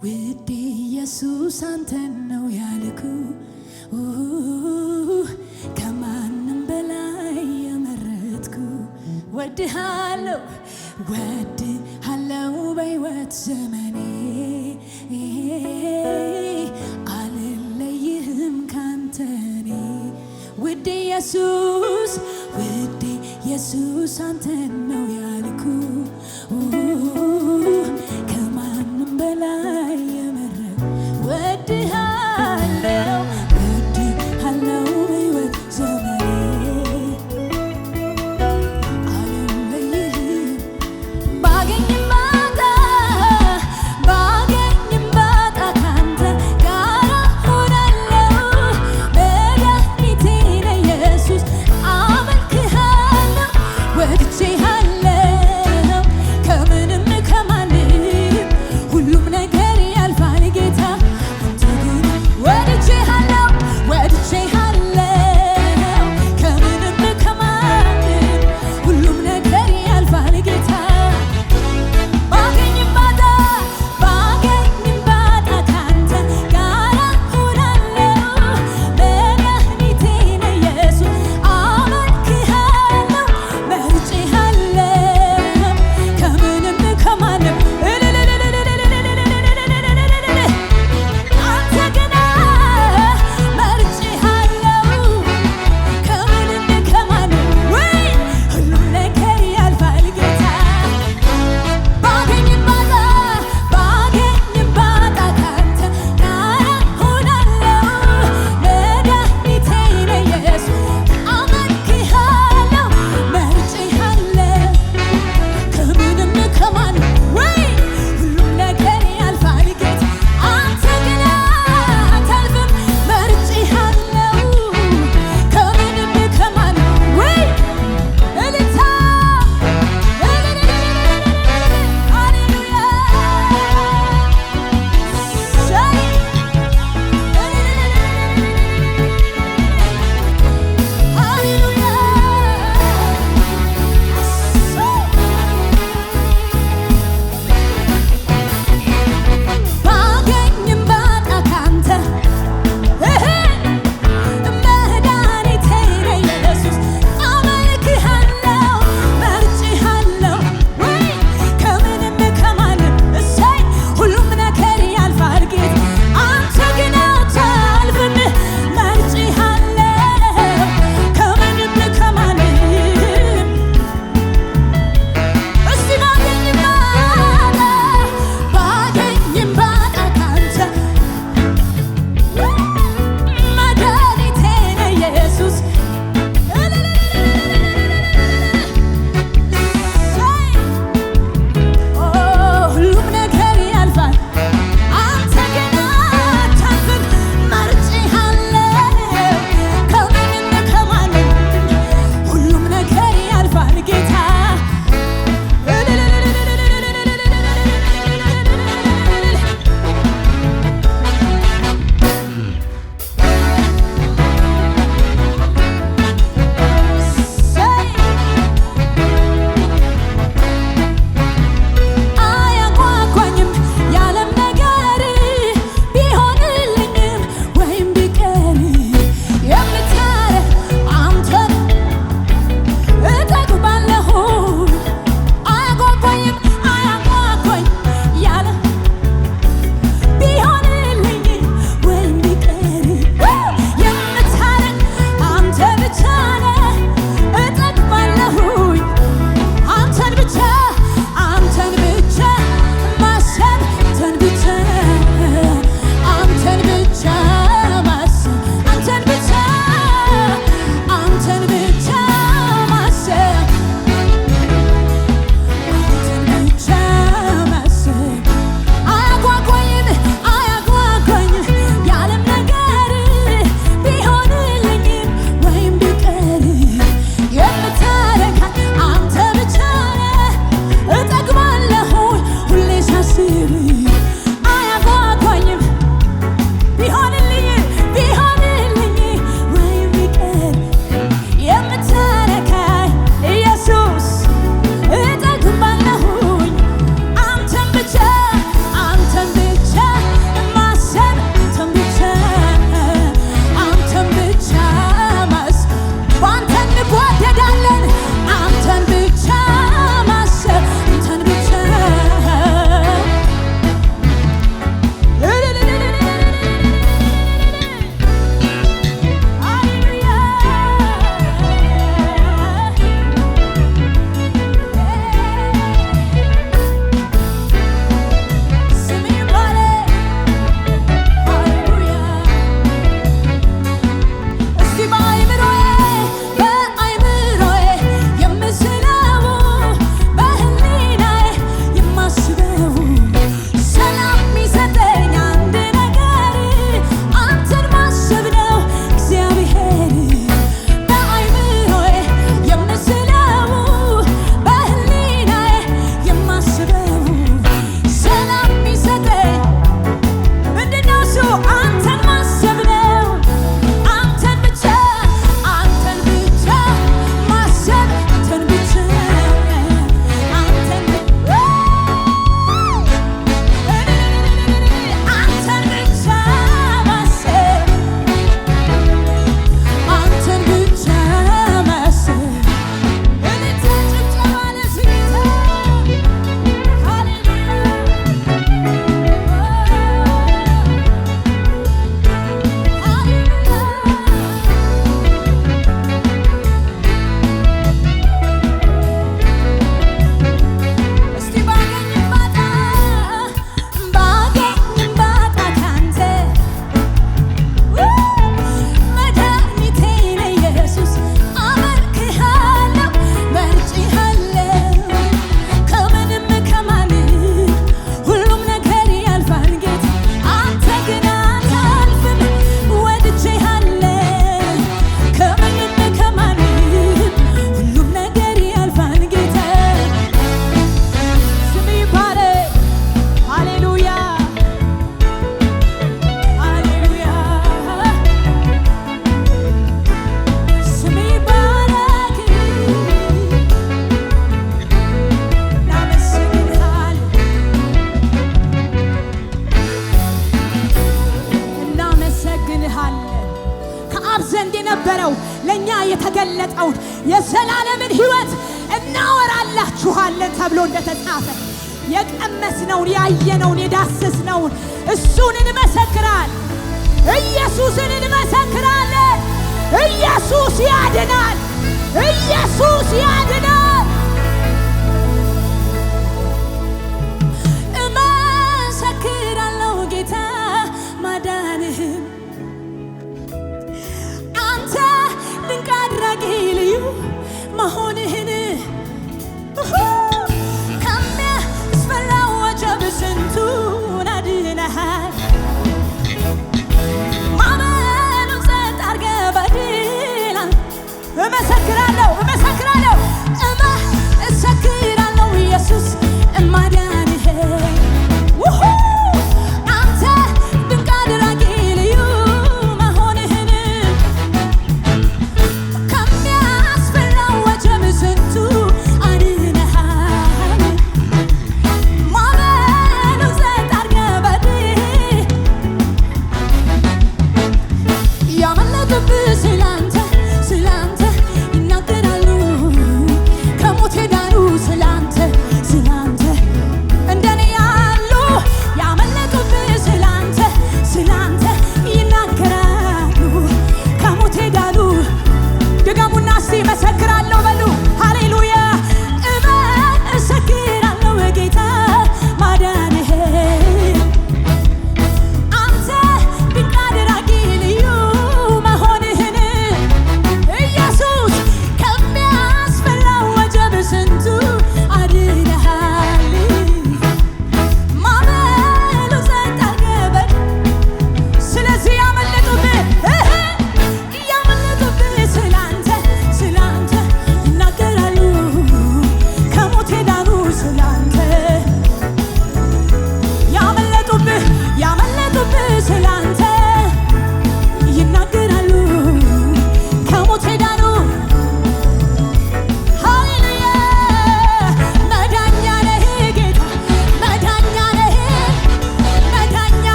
ውድ ኢየሱስ አንተን ነው ያልኩ ከማንም በላይ የመረጥኩ ወድሃለው ወድሃለው በሕይወት ዘመኔ አልለይህም ካንተኔ ውድ ኢየሱስ ውድ ኢየሱስ አንተን ነው life.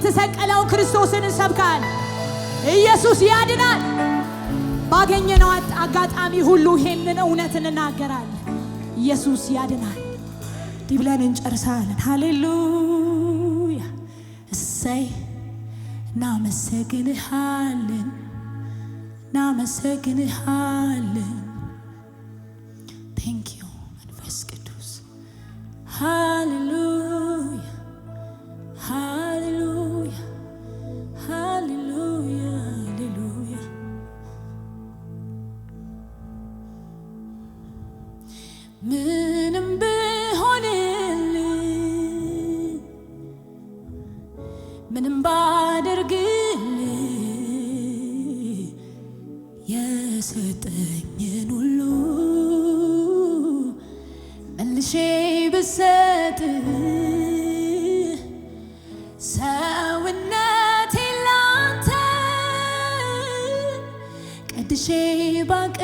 የተሰቀለው ክርስቶስን እንሰብካል። ኢየሱስ ያድናል። ባገኘነው አጋጣሚ ሁሉ ይሄንን እውነት እንናገራለን። ኢየሱስ ያድናል። እንዲህ ብለን እንጨርሳለን። ሃሌሉያ። እሰይ እናመሰግንሃለን፣ እናመሰግንሃለን። ቴንክ ዩ መንፈስ ቅዱስ ሃሌሉያ bank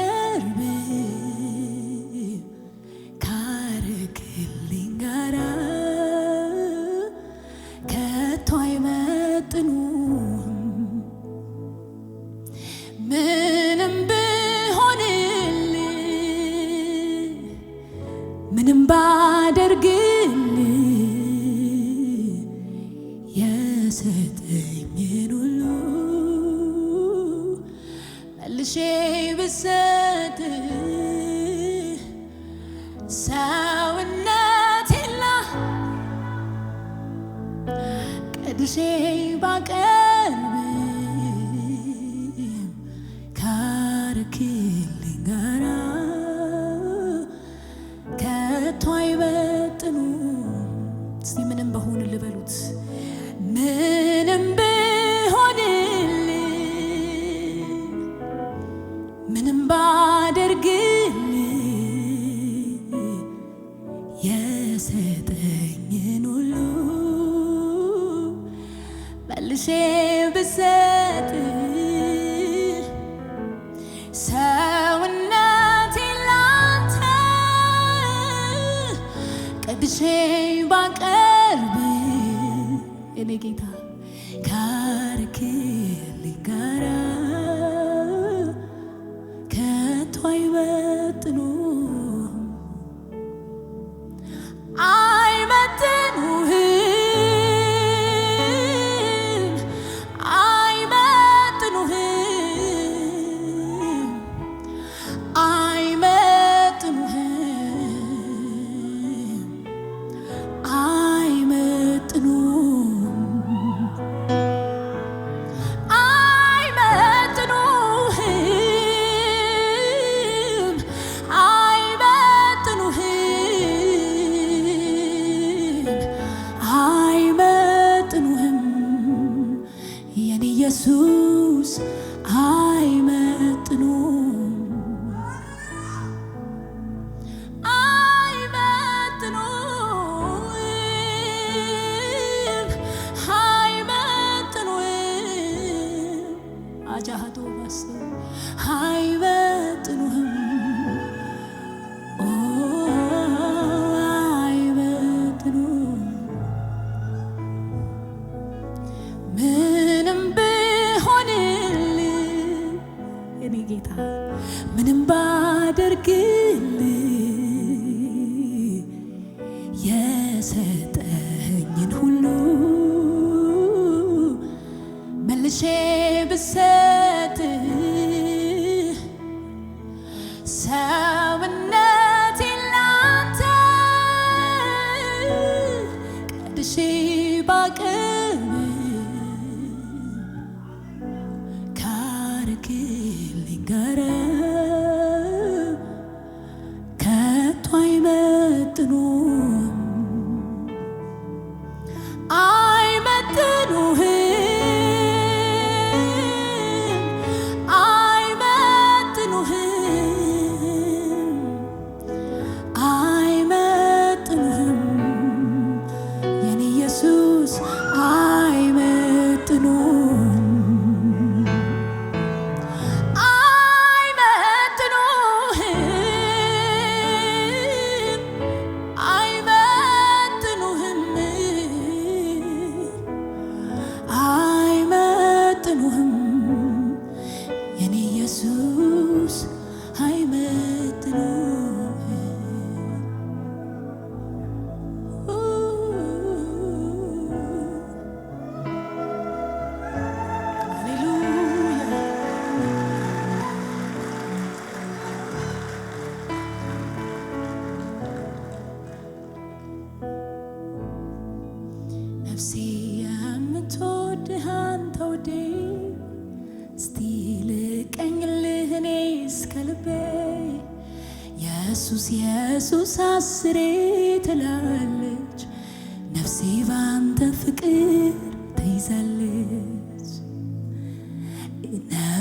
again.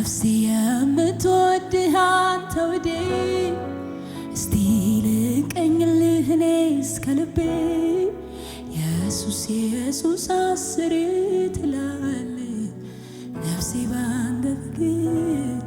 ነፍሴ የምትወድህ አንተ ወዴት እስቲ ልቀኝልህ እኔ እስከ ልቤ ኢየሱስ ኢየሱስ አስሬ ትላለች ነፍሴ ባንተ ፍቅር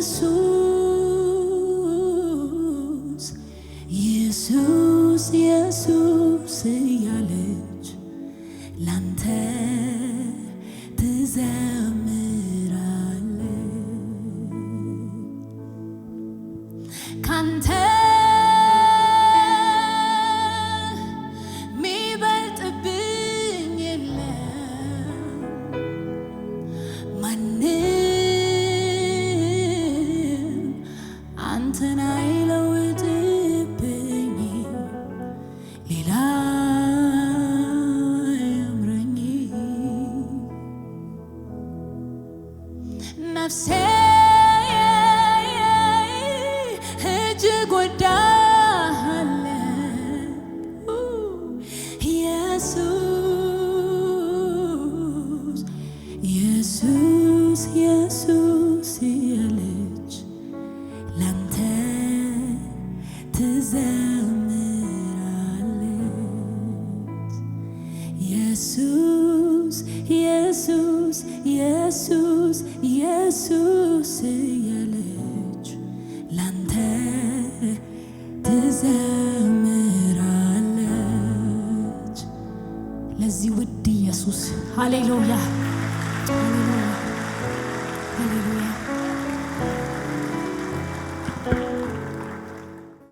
ኢየሱስ ኢየሱስ